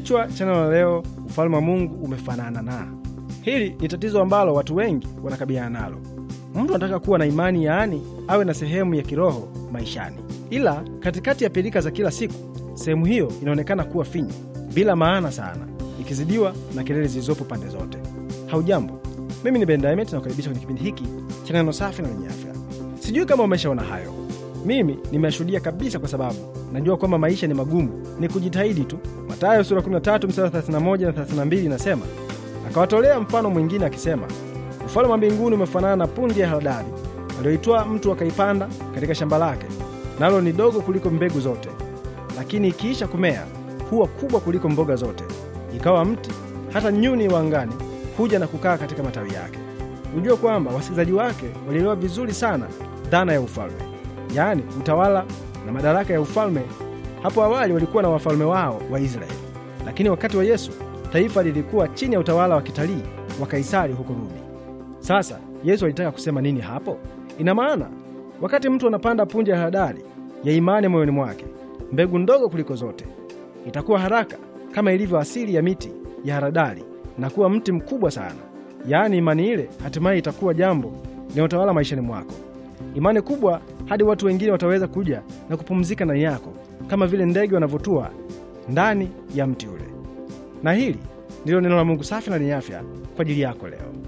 Kichwa cha neno la leo, ufalme wa Mungu umefanana na. Hili ni tatizo ambalo watu wengi wanakabiliana nalo. Mtu anataka kuwa na imani, yaani awe na sehemu ya kiroho maishani, ila katikati ya pilika za kila siku, sehemu hiyo inaonekana kuwa finyu, bila maana sana, ikizidiwa na kelele zilizopo pande zote. Haujambo, mimi ni Ben na nakukaribisha kwenye kipindi hiki cha neno safi na lenye afya. Sijui kama umeshaona hayo, mimi nimeyashuhudia kabisa, kwa sababu najua kwamba maisha ni magumu, ni kujitahidi tu. Mathayo sura 13 mstari 31 na 32 inasema, akawatolea mfano mwingine akisema, ufalme wa mbinguni umefanana na punje ya haradali aliyoitwa mtu akaipanda katika shamba lake, nalo ni dogo kuliko mbegu zote, lakini ikiisha kumea huwa kubwa kuliko mboga zote, ikawa mti, hata nyuni wa angani huja na kukaa katika matawi yake. Ujue kwamba wasikilizaji wake walielewa vizuri sana dhana ya ufalme, yaani utawala na madaraka ya ufalme. Hapo awali walikuwa na wafalme wao wa Israeli, lakini wakati wa Yesu taifa lilikuwa chini ya utawala wa kitalii wa Kaisari huko Rumi. Sasa Yesu alitaka kusema nini hapo? Ina maana wakati mtu anapanda punje ya haradali ya imani moyoni mwake, mbegu ndogo kuliko zote, itakuwa haraka kama ilivyo asili ya miti ya haradali na kuwa mti mkubwa sana. Yaani imani ile hatimaye itakuwa jambo linalotawala maishani mwako. Imani kubwa hadi watu wengine wataweza kuja na kupumzika ndani yako kama vile ndege wanavyotua ndani ya mti ule. Na hili ndilo neno la Mungu safi na lenye afya kwa ajili yako leo.